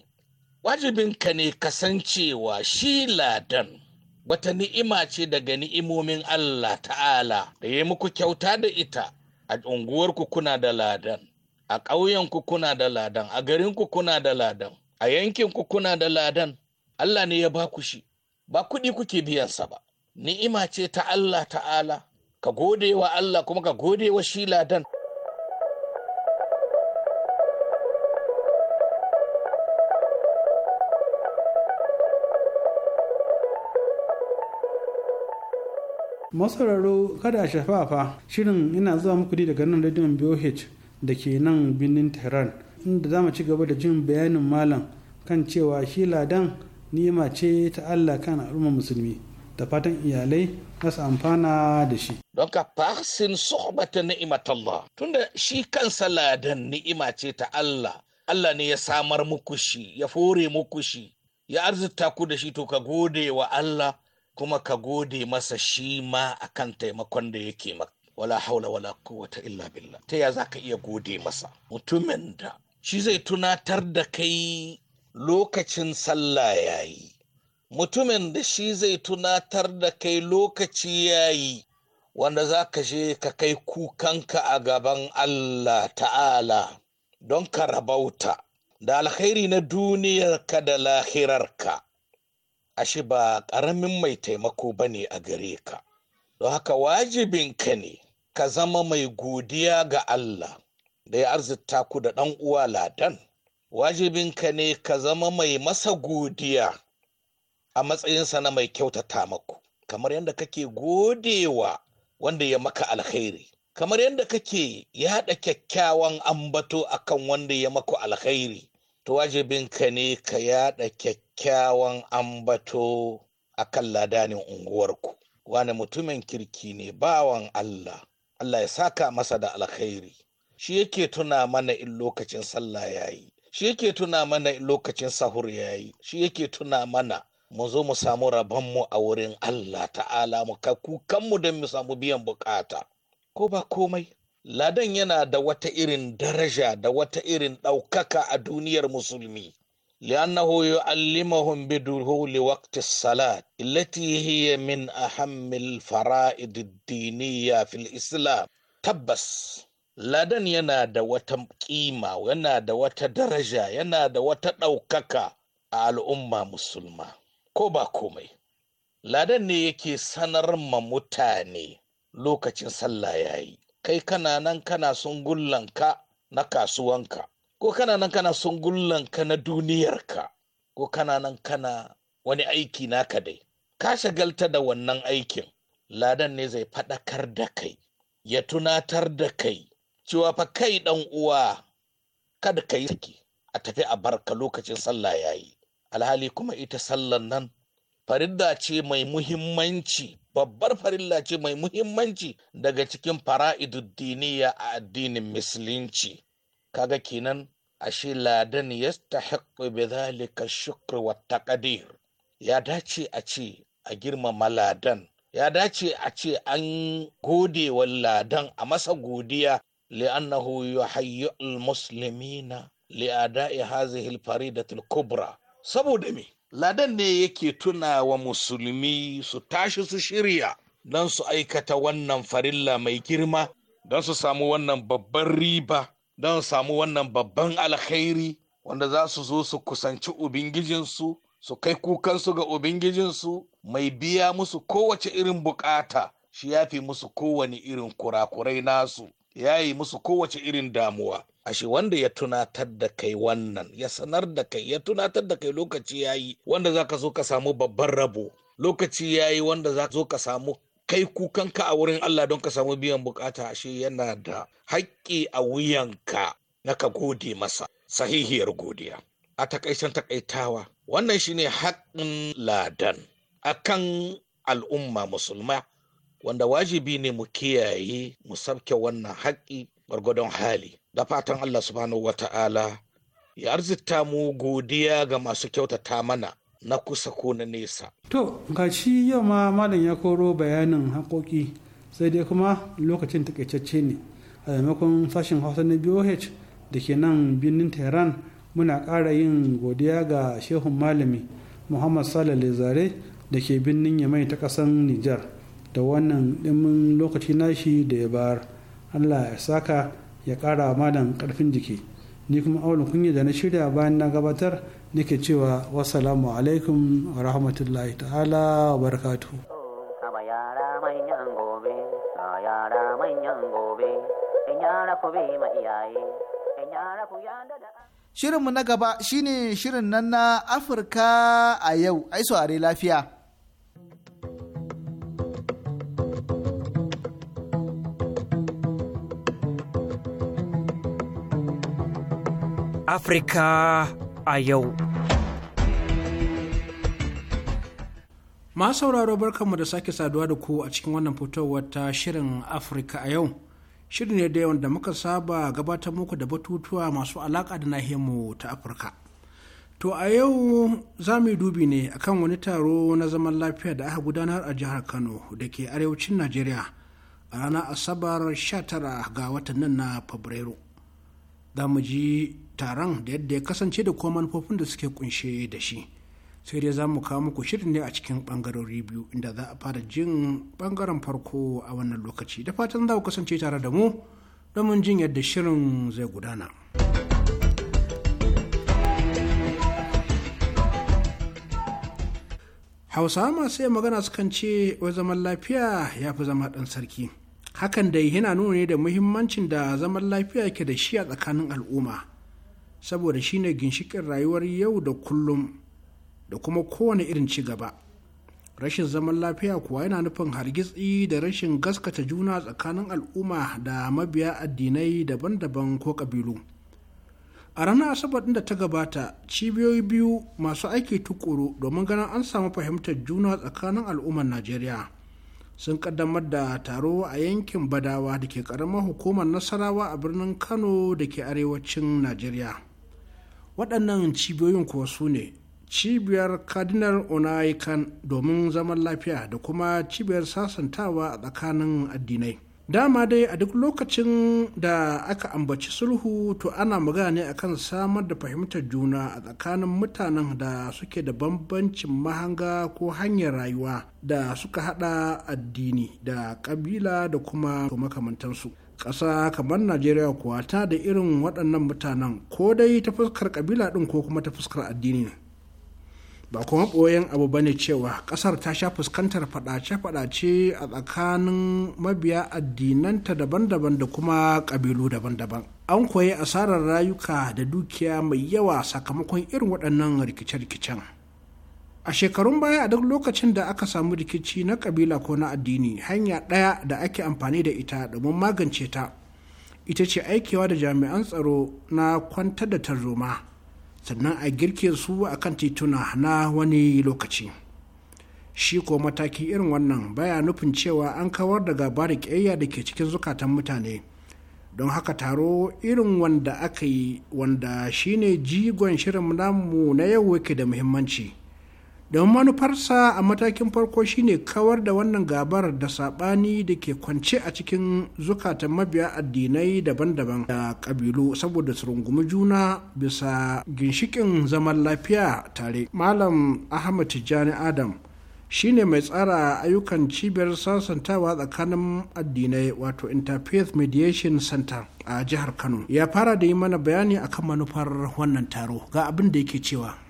wajibinka ne kasancewa shi ladan wata ni'ima ce daga ni'imomin Allah ta'ala da ya muku kyauta da ita a unguwarku kuna da ladan a ƙauyenku kuna da ladan a garinku kuna da ladan a yankinku kuna da ladan Allah ne ya ba ku shi ba kuɗi kuke biyansa ba ni'ima ce ta Allah ta'ala ka gode wa Allah kuma ka gode wa shi ladan masararo kada shafafa shirin ina zuwa muku daga nan rediyon BOH da ke nan birnin Tehran inda za mu ci gaba da jin bayanin malam kan cewa shi ladan ni'ima ce ta Allah kan al'ummar musulmi da fatan iyalai na su amfana da shi. Don ka fahsin suhbata ni'imat Allah tunda shi kan ladan ni'ima ce ta Allah. Allah ne ya samar muku shi, ya fore muku shi, ya arzita ku da shi to ka gode wa Allah kuma ka gode masa shi ma akan taimakon da yake maka. Wala haula wala quwwata illa billah. Ta ya za ka iya gode masa? Mutumin da shi zai tunatar da kai lokacin sallah ya yi mutumin da shi zai tunatar da kai lokaci ya yi wanda za ka je ka kai kukanka a gaban Allah ta'ala don ka rabauta da alkhairi na duniyarka da lahirarka ashe ba ƙaramin mai taimako ba ne a gare ka don haka wajibinka ne ka zama mai godiya ga Allah da ya arzita ku da ɗan uwa ladan wajibinka ne ka zama mai masa godiya a matsayinsa na mai kyautata maku kamar yadda kake godewa wanda ya maka alkhairi kamar yadda kake yaɗa kyakkyawan ambato akan wanda ya maku alkhairi to wajibinka ne ka yaɗa kyakkyawan ambato akan ladanin unguwarku wani mutumin kirki ne bawan Allah Allah ya saka masa da alkhairi shi yake tuna mana in lokacin sallah yayi shi yake tuna mana lokacin sahur ya yi shi yake tuna mana mu zo mu samu rabonmu a wurin Allah ta'ala mu ka kukanmu don mu samu biyan bukata ko ba komai ladan yana da wata irin daraja da wata irin ɗaukaka a duniyar musulmi لأنه يعلمهم بدخول وقت الصلاة التي هي من أهم الفرائض الدينية في الإسلام تبس ladan yana da wata kima yana da wata daraja yana da wata ɗaukaka a al'umma musulma ko ba komai ladan ne yake sanar ma mutane lokacin sallah ya yi kai kana nan kana sun gullanka na kasuwanka ko kana nan kana sun gullanka na duniyarka ko kana nan kana wani aiki naka dai ka shagalta da wannan aikin ladan ne zai faɗakar da kai ya tunatar da kai cewa fa kai dan uwa kada ka yi saki a tafi a barka lokacin sallah yayi alhali kuma ita sallan nan farilla ce mai muhimmanci babbar farilla ce mai muhimmanci daga cikin fara'iduddiniya a addinin musulunci kaga kenan ashe ladan yastahiqqu bidhalika shukr wa taqdir ya dace a ce a girmama ladan ya dace a ce an gode wa ladan a masa godiya لأنه يحيئ المسلمين لأداء هذه الفريدة الكبرى Saboda دمي ladan ne yake tuna wa musulmi su tashi su shirya don su aikata wannan farilla mai girma don su samu wannan babban riba don su samu wannan babban alkhairi wanda za su zo su kusanci ubingijinsu, su kai kukansu ga ubingijinsu, mai biya musu kowace irin buƙata, shi ya fi musu kowane irin kurakurai nasu ya yi musu kowace irin damuwa ashe wanda ya tunatar da kai wannan ya sanar da kai ya tunatar da kai lokaci ya yi wanda za ka zo ka samu babban rabo lokaci ya yi wanda za ka zo ka samu kai kukanka a wurin Allah don ka samu biyan bukata ashe yana da haƙƙi a wuyanka na ka gode masa sahihiyar godiya a takaicen takaitawa wannan shine haƙƙin ladan akan al'umma musulma wanda wajibi ne mu kiyaye mu sabke wannan haƙƙi gwargwadon hali da fatan Allah subhanahu wa ta'ala ya arzita mu godiya ga masu kyautata mana na kusa ko na nesa. To, ga shi yau ma malam ya koro bayanin haƙoƙi sai dai kuma lokacin takaitacce ne a maimakon sashen hausa na BOH da ke nan birnin Tehran muna ƙara yin godiya ga shehun malami Muhammad Salale Zare da ke birnin Yamai ta ƙasar Nijar. da wannan ɗimin lokaci nashi da ya bar allah ya saka ya ƙara malam karfin jiki ni kuma awalin kunya da na shirya bayan na gabatar nake cewa wasalamu alaikum wa rahmatullahi ta'ala wa barakatuhu Shirinmu na gaba shine shirin nan na Afirka a yau, ai saurari lafiya. Afirka a yau. Masu sauraro barkanmu da sake saduwa da ku a cikin wannan fitowar ta shirin Afirka a yau. Shirin ne da yawan da muka saba gabatar muku da batutuwa masu alaƙa da nahiyarmu ta Afirka. To a yau za mu yi dubi ne akan wani taro na zaman lafiya da aka gudanar a jihar Kano da ke arewacin Najeriya a ranar Asabar 19 ga watan nan na Fabrairu. za mu ji taron da yadda ya kasance da kuma manufofin da suke kunshe da shi sai dai za mu kawo muku shirin ne a cikin bangarori biyu inda za a fara jin bangaren farko a wannan lokaci da fatan za ku kasance tare da mu domin jin yadda shirin zai gudana. hausawa masu yin magana sukan ce wai zaman lafiya ya fi zama ɗan sarki hakan dai yana nuna ne da muhimmancin da zaman lafiya ke da shi a tsakanin al'umma saboda shine ginshikin rayuwar yau da kullum da kuma kowane irin ci gaba rashin zaman lafiya kuwa yana nufin hargitsi da rashin gaskata juna tsakanin al'umma da mabiya addinai daban-daban ko ƙabilu a ranar asabar da ta gabata cibiyoyi biyu masu aiki tukuru domin ganin an samu fahimtar juna tsakanin al'ummar najeriya sun kaddamar da taro a yankin badawa da ke karamar hukumar nasarawa a birnin kano da ke arewacin najeriya waɗannan cibiyoyin kuwa su ne cibiyar cardinal onaikan domin zaman lafiya da kuma cibiyar sasantawa a tsakanin addinai dama dai a duk lokacin da aka ambaci sulhu to ana magana ne akan samar da fahimtar juna a tsakanin mutanen da suke da bambancin mahanga ko hanyar rayuwa da suka hada addini da kabila da kuma makamantansu ƙasa kamar najeriya kuwa ta da irin waɗannan mutanen ko dai ta fuskar kabila ɗin ko kuma ta fuskar addini ba kuma ɓoyen abu bane cewa ƙasar ta sha fuskantar faɗace-faɗace a tsakanin mabiya addinanta daban-daban da kuma ƙabilu daban-daban an koyi asarar rayuka da dukiya mai yawa sakamakon irin waɗannan rikice-rikicen a shekarun baya a duk lokacin da aka samu rikici na ƙabila ko na addini hanya ɗaya da ake amfani da ita domin magance ta ita ce aikewa da jami'an tsaro na kwantar da tarzoma sannan a girke su a kan tituna na wani lokaci shi ko mataki irin wannan baya nufin cewa an kawar da gabar ƙiyayya da ke cikin zukatan mutane don haka taro irin wanda aka yi wanda shine jigon shirin namu na yau yake da muhimmanci. don manufarsa a matakin farko shine kawar da wannan gabar da saɓani da ke kwance a cikin zukatan mabiya addinai daban-daban da ƙabilu saboda su rungumi juna bisa ginshikin zaman lafiya tare malam ahmad tijjani adam shine mai tsara ayyukan cibiyar sasantawa tsakanin addinai wato interfaith mediation center a jihar kano ya fara da yi mana bayani akan manufar wannan taro ga abin da yake cewa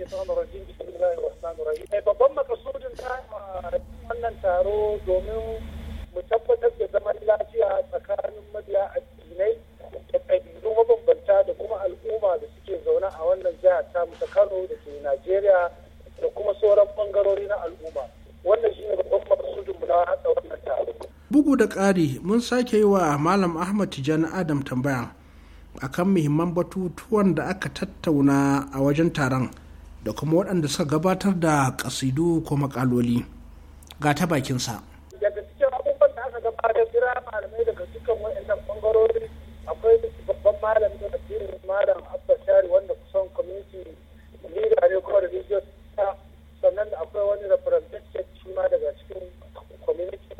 shaitan rajim bismillahir rahmanir rahim babban makasudin ta ah, wannan taro domin mu tabbatar da zaman lafiya tsakanin mabiya addinai da ɗabi'u mabambanta da kuma al'umma da suke zaune a wannan jihar ta ta Kano da ke Najeriya da kuma sauran bangarori na al'umma wannan shine babban makasudin mu na haɗa wannan taro bugu da ƙari mun sake yi wa malam Ahmad Tijani Adam tambaya akan muhimman batutuwan da aka tattauna a wajen taron da kuma waɗanda suka gabatar da kasidu ko makaloli ga ta bakinsa. daga cikin abubuwan da aka gabatar jira malamai daga cikin waɗannan ɓangarori akwai babban malami da asirin malam abba shari wanda kusan community leader ne kuma religious sannan da akwai wani representative shi ma daga cikin community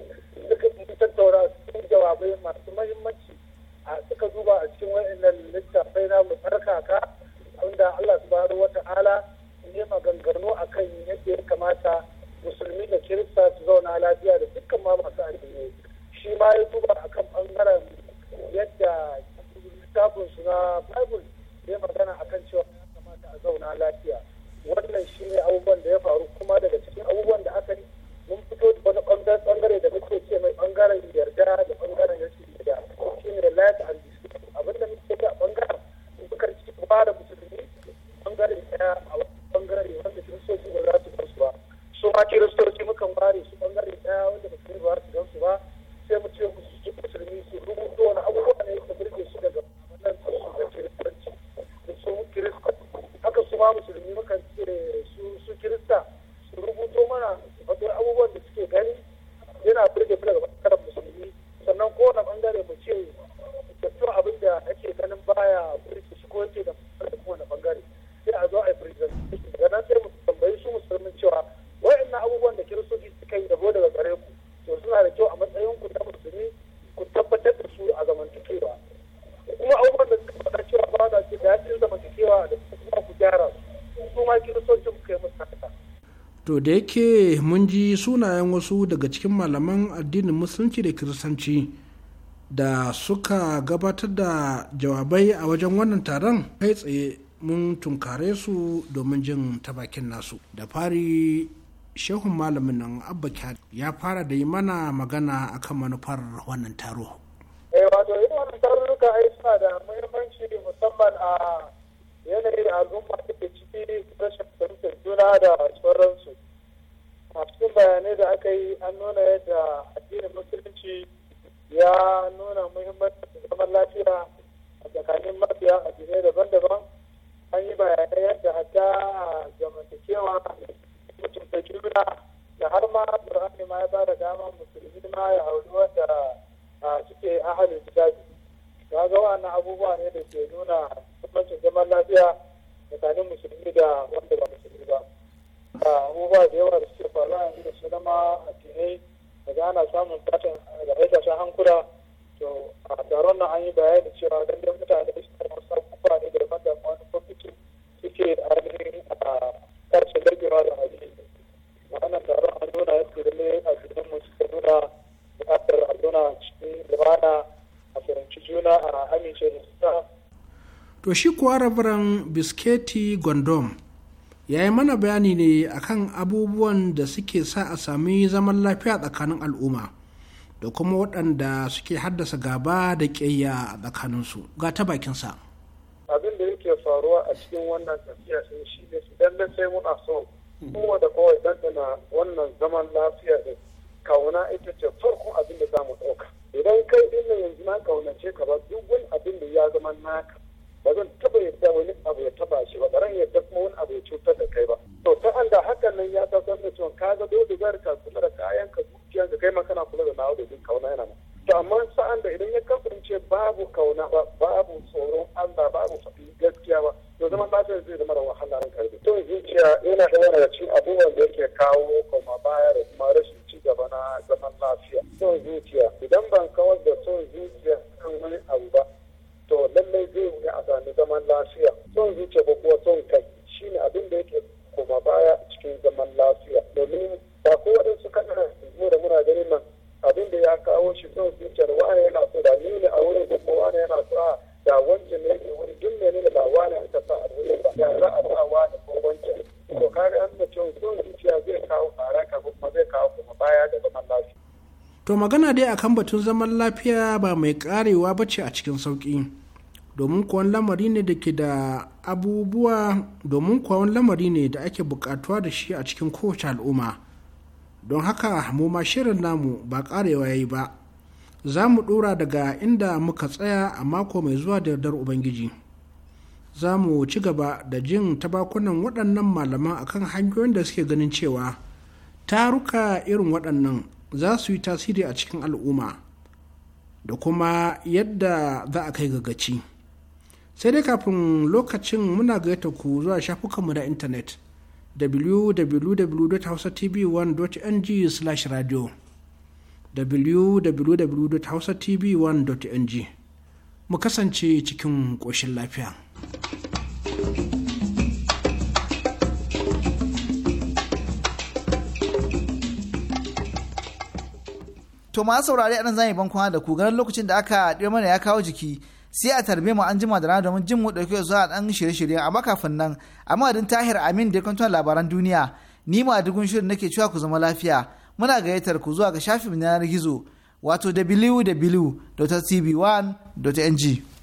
duka mun tattauna cikin jawabai masu mahimmanci a suka duba a cikin wayannan littattafai na mu tsarkaka wanda Allah subhanahu wata'ala yi maganganu a kan yadda ya kamata musulmi da kirista su zauna lafiya da dukkan ma masu addini shi ma ya duba a kan ɓangaren yadda littafin su na bible ya magana a kan cewa ya kamata a zauna lafiya wannan shi ne abubuwan da ya faru kuma daga cikin abubuwan da aka yi mun fito da wani ɓangare da muke ce mai ɓangaren yarda da ɓangaren rashin yarda shi ne life and abinda muke ga ɓangaren bukar ci ba da musulmi ɓangaren ɗaya a bangare wanda so kuma za su gansu ba su ma ke kiristoci mukan ware su bangare daya wanda ba musulmi ba su gansu ba sai mu ce ku su musulmi su rubuta wani abubuwa ne ka birge su daga wannan su su ga kiristanci da su kirista haka su ma musulmi mukan ce su kirista su rubuto mana su faɗi abubuwan da suke gani to da yake mun ji sunayen wasu daga cikin malaman addinin musulunci da kiristanci da suka gabatar da jawabai a wajen wannan taron kai tsaye mun tunkare su domin jin ta nasu da fari shehun malamin nan abba ya fara da yi mana magana akan manufar wannan taro eh wato yin wannan tarurruka ai suna da muhimmanci musamman a yanayin al'umma da ke ciki rashin fahimtar juna da bayanai da aka yi an nuna yadda addinin musulunci ya nuna muhimmancin zaman lafiya a tsakanin mafiya addinai daban-daban an yi bayanai yadda hatta a zamantakewa da juna da har ma Qur'ani ma ya ba da dama musulmi ma ya auri wanda suke ahalin kitabi ga ga wannan abubuwa ne da ke nuna muhimmancin zaman lafiya tsakanin musulmi da wanda ba musulmi abubuwa da yawa da suke faruwa yanzu da su zama addinai daga ana samun tashin da ya tashin hankula to a taron nan an yi bayani da cewa don dai mutane su kan wasu abubuwa ne da wanda wani kwamfuti suke ainihin a karshe dagewa da hali wannan taron an nuna yadda da ne a cikin mu suka nuna buƙatar a nuna cikin lumana a fahimci juna a amince da su To shi kuwa rabaran Bisketi Gondom yayi mana bayani ne akan abubuwan da suke sa a sami zaman lafiya tsakanin al'umma da kuma waɗanda suke haddasa gaba da ƙiyayya a tsakaninsu ga ta bakinsa. abin da yake faruwa a cikin wannan tafiya sun shi ne dan sai muna so kuma da kawai dandana wannan zaman lafiya da kauna ita ce farkon abin da za mu ɗauka idan kai ɗin yanzu na kaunace ka ba duk abin da ya zama naka ba zan taba yadda wani abu ya taba shi ba ba ran yadda kuma wani abu ya cutar da kai ba to ta anda hakan nan ya tasar da cewa ka ga dole zai ka kula da kayan ka zuciya ka kai ma kana kula da nawa da duk kauna yana to amma sa'an da idan ya kasance babu kauna ba babu tsoron Allah babu fadi gaskiya ba to zama lafiya zai zama da wahala ran karbi to zuciya yana da wani cikin abubuwan da yake kawo koma baya da kuma rashin ci gaba na zaman lafiya to zuciya idan ban kawar da son zuciya kan wani abu ba to lallai zai wuya a sami zaman lafiya son zuciya ko kuwa son kai shine abin da yake koma baya cikin zaman lafiya domin ba ko waɗansu kaɗan mu da muna ganin nan abin da ya kawo shi son zuciyar wani yana so da ni a wurin kuma wani yana so da wancan ne ke wani duk ne ne ba wani aka sa a wurin ba ya za a sa wani ko wancan to kare an da cewa son zuciya zai kawo ko kuma zai kawo kuma baya da zaman lafiya. to magana dai akan batun zaman lafiya ba mai karewa ba ce a cikin sauƙi. domin kuwa lamari ne da ke da abubuwa domin kuwa lamari ne da ake bukatuwa da shi a cikin kowace al'umma don haka mu ma shirin namu ba karewa ya yi ba za mu dora daga inda muka tsaya a mako mai zuwa da yardar ubangiji za mu ci gaba da jin tabakunan waɗannan malaman akan hanyoyin da suke ganin cewa taruka irin waɗannan za su yi tasiri a cikin al'umma da kuma yadda za a kai ga sai dai kafin lokacin muna gaita ku zuwa shafukanmu na intanet www.hausatv1.ng/radio www.hausatv1.ng mu kasance cikin ƙoshin lafiya. To ma a anan zan yi bankwana da ku lokacin da aka ɗirma mana ya kawo jiki sai a tarbe mu an jima da rana domin jin mu dauke zuwa dan shirye-shirye a kafin nan a din tahir amin da kwantar labaran duniya ni ma dugun shirin nake cewa ku zama lafiya muna gayyatar ku zuwa ga shafin yanar gizo wato www.tv1.ng